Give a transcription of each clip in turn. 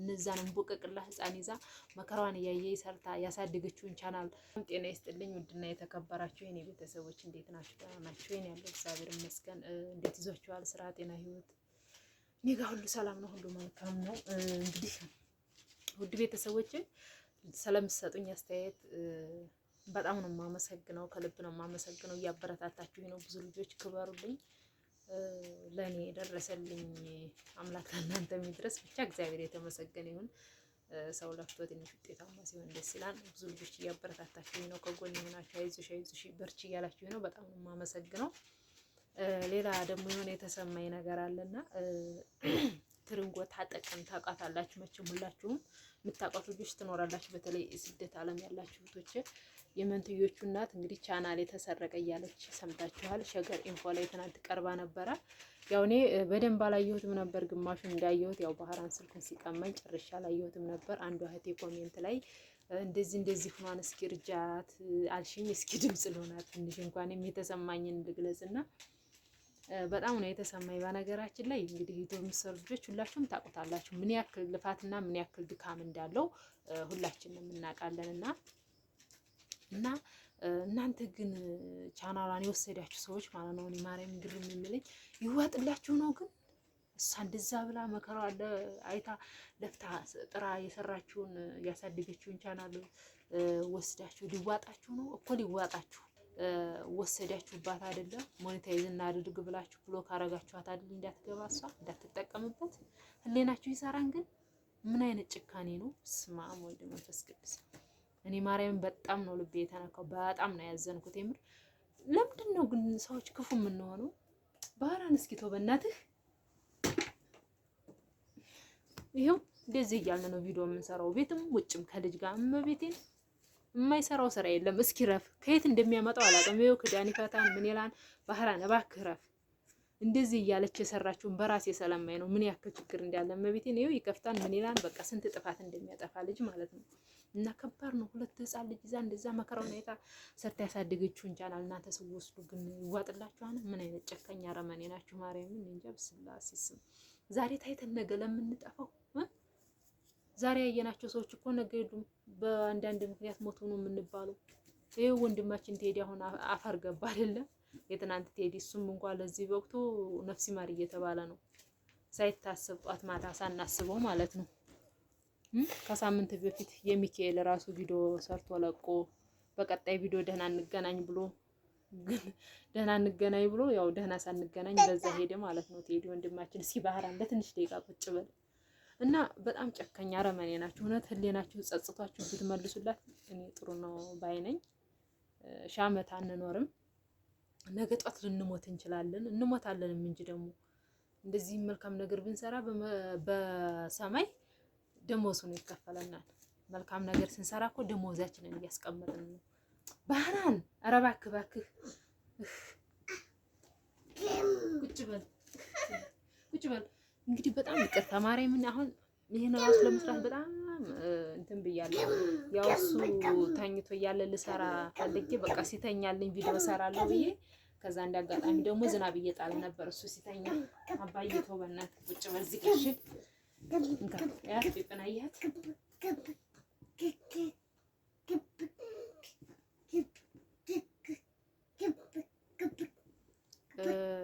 እነዛን እንቦቀቅላ ህፃን ይዛ መከራዋን እያየ ሰርታ ያሳደገችውን ቻናል ጤና ይስጥልኝ። ውድና የተከበራችሁ የኔ ቤተሰቦች እንዴት ናችሁ? ደህና ናችሁ? እኔ ያለው እግዚአብሔር ይመስገን። እንዴት ይዟችኋል? ስራ፣ ጤና፣ ህይወት እኔ ጋር ሁሉ ሰላም ነው፣ ሁሉ መልካም ነው። እንግዲህ ውድ ቤተሰቦች ስለምትሰጡኝ አስተያየት በጣም ነው የማመሰግነው፣ ከልብ ነው የማመሰግነው። እያበረታታችሁ ነው። ብዙ ልጆች ክበሩልኝ። ለእኔ የደረሰልኝ አምላክ ለእናንተ የሚድረስ ብቻ እግዚአብሔር የተመሰገነ ይሁን። ሰው ለፍቶ ትንሽ ውጤታማ ሲሆን ደስ ይላል። ብዙ ልጆች እያበረታታችሁ ነው፣ ከጎን የሆናችሁ አይዞሽ አይዞሽ በርቺ እያላችሁ ነው። በጣም ነው የማመሰግነው። ሌላ ደግሞ የሆነ የተሰማኝ ነገር አለና ትርንጎ ታጠቅም ታውቃታላችሁ። መቼም ሁላችሁም የምታውቋት ልጆች ትኖራላችሁ። በተለይ ስደት ዓለም ያላችሁ እህቶቼ የመንትዮቹ እናት እንግዲህ ቻናል የተሰረቀ እያለች ሰምታችኋል። ሸገር ኢንፎ ላይ ትናንት ቀርባ ነበረ። ያው እኔ በደንብ አላየሁትም ነበር፣ ግማሹ እንዳየሁት ያው ባህራን ስልኩን ሲቀማኝ ጨርሻ አላየሁትም ነበር። አንዷ እህቴ ኮሜንት ላይ እንደዚህ እንደዚህ ሆኗን እስኪ እርጃት አልሽኝ፣ እስኪ ድምፅ ልሆናት ትንሽ እንኳንም የተሰማኝን ልግለጽ ልግለጽና በጣም ነው የተሰማኝ። በነገራችን ላይ እንግዲህ የምትሰሩ ልጆች ሁላችሁም ታውቁታላችሁ ምን ያክል ልፋትና ምን ያክል ድካም እንዳለው ሁላችንም እናውቃለን እና እና እናንተ ግን ቻናሏን የወሰዳችሁ ሰዎች ማለት ነው። እኔ ማርያም ግርም የሚለኝ ይዋጥላችሁ ነው ግን እሷ እንደዛ ብላ መከራ አይታ ለፍታ ጥራ የሰራችሁን ያሳደገችውን ቻናል ወስዳችሁ ሊዋጣችሁ ነው እኮ ሊዋጣችሁ ወሰዳችሁባት አይደለም። ሞኔታይዝ እናድርግ ብላችሁ ብሎ ካረጋችኋት አይደል? እንዳትገባ እሷ እንዳትጠቀምበት ህሌናችሁ ይሰራን። ግን ምን አይነት ጭካኔ ነው? ስማ ወልድ መንፈስ ቅዱስ እኔ ማርያምን በጣም ነው ልቤ የተነካው። በጣም ነው ያዘንኩት። የምር ለምንድን ነው ግን ሰዎች ክፉ የምንሆነው? ባህራን እስኪ ተው በእናትህ። ይኸው እንደዚህ እያልን ነው ቪዲዮ የምንሰራው ቤትም ውጭም ከልጅ ጋር እመቤቴን የማይሰራው ስራ የለም። እስኪ ረፍ ከየት እንደሚያመጣው አላውቅም። ይኸው ክዳን ይፈታን ምን ይላል ባህራን፣ እባክህ ረፍ። እንደዚህ እያለች የሰራችውን በራሴ ሰላማይ ነው ምን ያክል ችግር እንዳለ እመቤቴን ይኸው ይከፍታን ምን ይላል። በቃ ስንት ጥፋት እንደሚያጠፋ ልጅ ማለት ነው። እና ከባድ ነው። ሁለት ህፃን ልጅ ይዛ እንደዛ መከራ ሁኔታ ሰርታ ያሳደገችው እንጃል እናንተ ስወስዱ ግን ይዋጥላችኋል። ምን አይነት ጨካኝ አረመኔ ናችሁ? ማርያምን እንጃ ብስላሴ ስም ዛሬ ታይተን ነገ ለምንጠፋው ዛሬ ያየናቸው ሰዎች እኮ ነገ የሉም። በአንዳንድ ምክንያት ሞቱ ነው የምንባለው። ይህ ወንድማችን ቴዲ አሁን አፈር ገባ አይደለም? የትናንት ቴዲ እሱም እንኳን ለዚህ ወቅቱ ነፍሲ ማር እየተባለ ነው ሳይታሰብ ጧት ማታ ሳናስበው ማለት ነው። ከሳምንት በፊት የሚካኤል ራሱ ቪዲዮ ሰርቶ ለቆ በቀጣይ ቪዲዮ ደህና እንገናኝ ብሎ ግን ደህና እንገናኝ ብሎ ያው ደህና ሳንገናኝ በዛ ሄደ ማለት ነው። ቴዲ ወንድማችን ሲባህራን ለትንሽ ደቂቃ ቁጭ በል እና በጣም ጨካኝ አረመኔ ናችሁ። እውነት ህሌናችሁ ጸጽቷችሁ ብትመልሱላት እኔ ጥሩ ነው ባይነኝ። ሺህ ዓመት አንኖርም። ነገ ጧት ልንሞት እንችላለን፣ እንሞታለንም እንጂ ደግሞ እንደዚህ መልካም ነገር ብንሰራ በሰማይ ደሞዝ ሆኖ ይከፈለናል። መልካም ነገር ስንሰራ እኮ ደሞዛችንን እያስቀመጥን ነው። ባህራን ኧረ እባክህ እባክህ ቁጭ በል ቁጭ በል። እንግዲህ በጣም ይቅርታ ማርያምን አሁን ይህን ራሱ ለመስራት በጣም እንትን ብያለሁ። ያው እሱ ተኝቶ እያለ ልሰራ ፈልጌ በቃ ሲተኛልኝ ቪዲዮ ሰራለሁ ብዬ ከዛ እንደ አጋጣሚ ደግሞ ዝናብ እየጣለ ነበር። እሱ ሲተኛ አባዬ ተው በእናትህ ቁጭ በል ዝቅ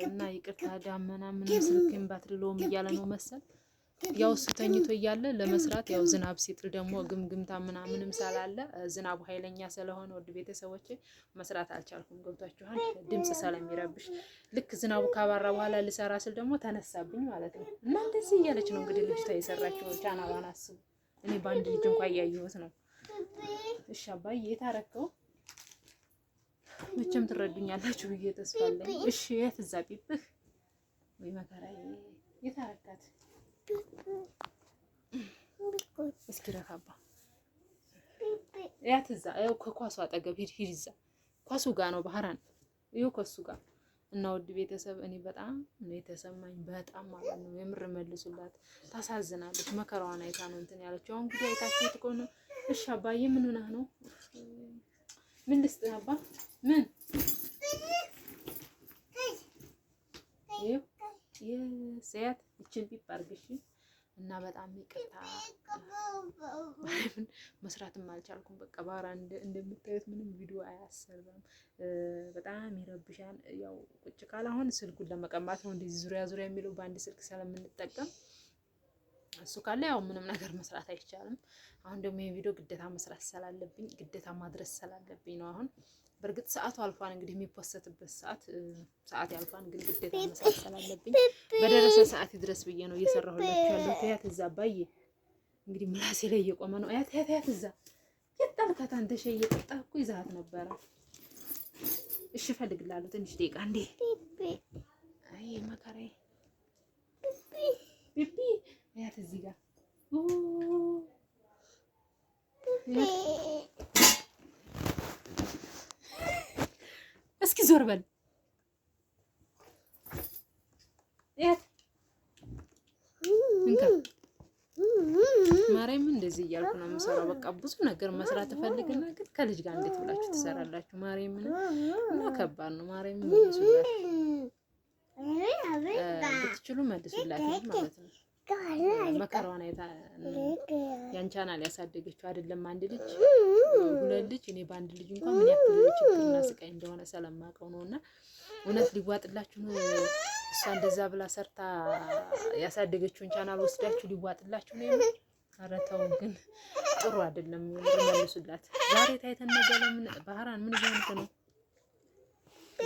እና ይቅርታ ዳመና ምንም ስልክ ባትሪ ሎም እያለ ነው መሰል ያው እሱ ተኝቶ እያለ ለመስራት ያው ዝናብ ሲጥል ደግሞ ግምግምታ ምናምንም ስላለ ዝናቡ ኃይለኛ ስለሆነ ወድ ቤተሰቦች መስራት አልቻልኩም። ገብቷችኋል? ድምፅ ስለሚረብሽ ልክ ዝናቡ ካባራ በኋላ ልሰራ ስል ደግሞ ተነሳብኝ ማለት ነው። እና እንደዚህ እያለች ነው እንግዲህ ልጅቷ የሰራችው ጫና ባናስ እኔ በአንድ ልጅ እንኳ እያየሁት ነው። እሺ አባዬ የታረከው መቼም ትረዱኛላችሁ ብዬ እሺ የት እዛ የትዛቢብህ ወይ መከራ የታረካት እስኪ ረካባ ያት እዛ ያው ከኳሱ አጠገብ ሂድ ሂድ። እዛ ኳሱ ጋ ነው ባህራን ይኸው ከሱ ጋር እና ውድ ቤተሰብ እኔ በጣም ነው የተሰማኝ፣ በጣም ማለት ነው የምር መልሱላት። ታሳዝናለች። መከራዋን አይታ ነው እንትን ያለችው። አሁን አይታችሁት ከሆነ እሺ፣ አባዬ ምን ሆነህ ነው? ምን አባ? ምን የሰያት እችን ቢባርግሽ እና በጣም ይቅርታ መስራትም አልቻልኩም። በቃ ባህራ እንደምታዩት ምንም ቪዲዮ አያሰራም፣ በጣም ይረብሻል። ያው ቁጭ ካል አሁን ስልኩን ለመቀማት ነው እንደዚህ ዙሪያ ዙሪያ የሚለው በአንድ ስልክ ስለምንጠቀም እሱ ካለ ያው ምንም ነገር መስራት አይቻልም። አሁን ደግሞ ይህ ቪዲዮ ግዴታ መስራት ስላለብኝ ግዴታ ማድረስ ስላለብኝ ነው። አሁን በእርግጥ ሰዓቱ አልፏን እንግዲህ የሚፖሰትበት ሰዓት ሰዓት ያልፏን፣ ግን ግዴታ መስራት ስላለብኝ በደረሰ ሰዓት ድረስ ብዬ ነው እየሰራሁላችሁ ያለሁት። ያት እዛ አባዬ እንግዲህ ምላሴ ላይ እየቆመ ነው። ያት ያት ያት እዛ የጣልካት አንተ ሸ እየጠጣ እኮ ይዛሃት ነበረ። እሺ እፈልግላለሁ ትንሽ ደቂቃ እንዴ። አይ መከራዬ ቢቢ ያት እዚህ ጋር እስኪ ዞር በል ማርያምን እንደዚህ እያልኩ ነው የምሰራው። በቃ ብዙ ነገር መስራት እፈልግና ግን ከልጅ ጋር እንዴት ብላችሁ ትሰራላችሁ? ማርያምን እና ከባድ ነው። ማርያምን መልሱላት፣ ብትችሉ መልሱላት ማለት ነው። መከራዋን አይታ ያን ቻናል ያሳደገችው አይደለም። አንድ ልጅ ሁለት ልጅ እኔ በአንድ ልጅ እንኳ ምን ያክል ችግርና ስቃይ እንደሆነ ስለማውቀው ነው። እና እውነት ሊዋጥላችሁ ነው። እሷ እንደዛ ብላ ሰርታ ያሳደገችውን ቻናል ወስዳችሁ ሊዋጥላችሁ ነው። ኧረ ተው ግን ጥሩ አይደለም። መልሱላት። ዛሬ ታይተን ነገ ለምን ባህራን ምን ዘንት ነው?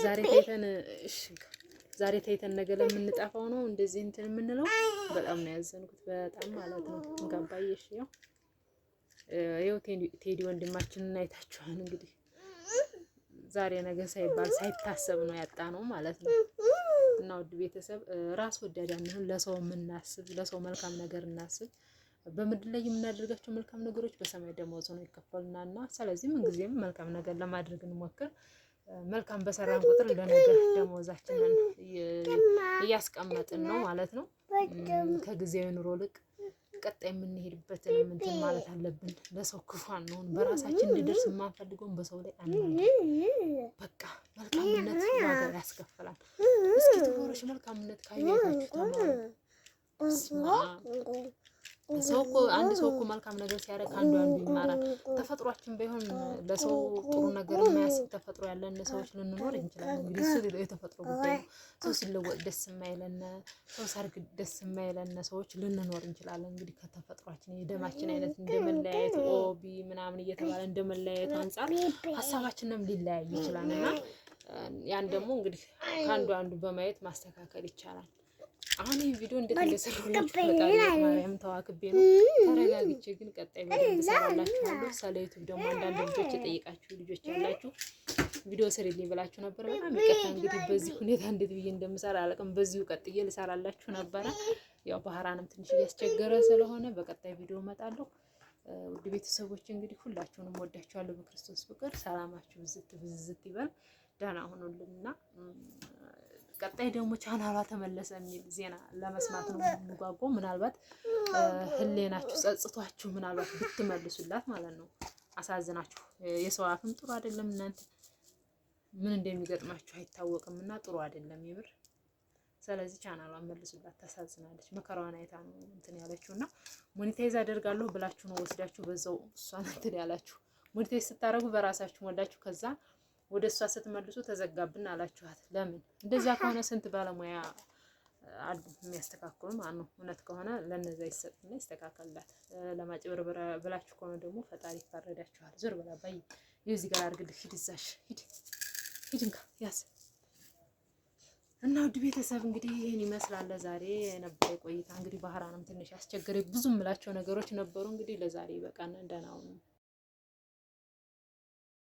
ዛሬ ታይተን እሽ ዛሬ ታይተን ነገ ለምንጠፋው ነው እንደዚህ እንትን የምንለው። በጣም ነው ያዘንኩት፣ በጣም ማለት ነው። እንኳን ያው ይኸው ቴዲ ወንድማችንን አይታችኋል እንግዲህ ዛሬ ነገ ሳይባል ሳይታሰብ ነው ያጣ ነው ማለት ነው። እና ውድ ቤተሰብ ራስ ወዳድ አንሁን፣ ለሰው የምናስብ ለሰው መልካም ነገር እናስብ። በምድር ላይ የምናደርጋቸው መልካም ነገሮች በሰማይ ደመወዝ ሆነው ይከፈሉናልና፣ ስለዚህ ምንጊዜም መልካም ነገር ለማድረግ እንሞክር። መልካም በሰራን ቁጥር ለነገ ደመወዛችንን እያስቀመጥን ነው ማለት ነው። ከጊዜያዊ ኑሮ ልቅ ቀጣይ የምንሄድበት እንትን ማለት አለብን። ለሰው ክፉ አንሆን፣ በራሳችን እንድደርስ የማንፈልገውን በሰው ላይ አንሆን። በቃ መልካምነት ዋጋ ያስከፍላል። እስኪ ተወሮች መልካምነት ካያችሁ ሰው እኮ አንድ ሰው እኮ መልካም ነገር ሲያደርግ አንዱ አንዱ ይማራል። ተፈጥሯችን ባይሆን ለሰው ጥሩ ነገር ውስብስብ ተፈጥሮ ያለን ሰዎች ልንኖር እንችላለን። እንግዲህ እሱ ሌላው የተፈጥሮ ጉዳይ ነው። ሰው ሲለወጥ ደስ የማይለን ሰው ሰርግ ደስ የማይለን ሰዎች ልንኖር እንችላለን። እንግዲህ ከተፈጥሯችን የደማችን አይነት እንደመለያየት ኦቢ ምናምን እየተባለ እንደመለያየቱ አንጻር ሀሳባችንም ሊለያይ ይችላል እና ያን ደግሞ እንግዲህ ከአንዱ አንዱ በማየት ማስተካከል ይቻላል። አሁን ይህ ቪዲዮ እንዴት እንደሰራሁላችሁ ተዋክቤ ነው ተረጋግቼ፣ ግን ቀጣይ ቪዲዮ እንደሰራላችኋለሁ። ስለ ዩቱብ ደግሞ አንዳንድ ልጆች የጠየቃችሁ ልጆች ያላችሁ ቪዲዮ ስሪልኝ ብላችሁ ነበር። በጣም ይቅርታ እንግዲህ በዚህ ሁኔታ እንዴት ብዬ እንደምሰራ አላውቅም። በዚሁ ቀጥዬ ልሰራላችሁ ነበረ። ያው ባህራንም ትንሽ እያስቸገረ ስለሆነ በቀጣይ ቪዲዮ እመጣለሁ። ውድ ቤተሰቦች እንግዲህ ሁላችሁንም ወዳችኋለሁ በክርስቶስ ፍቅር። ሰላማችሁ ብዝት ብዝት ይበል። ደህና ሁኑልንና ቀጣይ ደግሞ ቻናሏ ተመለሰ የሚል ዜና ለመስማት ነው የምንጓጓው። ምናልባት ህሌናችሁ ጸጽቷችሁ ምናልባት ብትመልሱላት ማለት ነው። አሳዝናችሁ የሰው አፍም ጥሩ አይደለም። እናንተ ምን እንደሚገጥማችሁ አይታወቅም እና ጥሩ አይደለም ይብር። ስለዚህ ቻናሏን መልሱላት። ታሳዝናለች። መከራዋን አይታ ነው እንትን ያለችው እና ሞኒታይዝ አደርጋለሁ ብላችሁ ነው ወስዳችሁ በዛው እሷን እንትን ያላችሁ። ሞኒታይዝ ስታደርጉ በራሳችሁ ወዳችሁ ከዛ ወደ እሷ ስትመልሱ ተዘጋብን አላችኋት። ለምን እንደዚያ ከሆነ ስንት ባለሙያ የሚያስተካክሉ ማለት ነው። እውነት ከሆነ ለነዛ ይሰጥና ይስተካከልላት። ለማጭበርበር ብላችሁ ከሆነ ደግሞ ፈጣሪ ይፋረዳችኋል። ዞር በላ ባይ የዚህ ጋር አድርግልህ። ሂድ እዛሽ ሂድ ሂድ እንካ ያዝ እና ውድ ቤተሰብ እንግዲህ ይህን ይመስላል ለዛሬ የነበረ ቆይታ። እንግዲህ ባህራንም ትንሽ ያስቸገረ ብዙ ምላቸው ነገሮች ነበሩ። እንግዲህ ለዛሬ በቃ ደህና ሁኑ።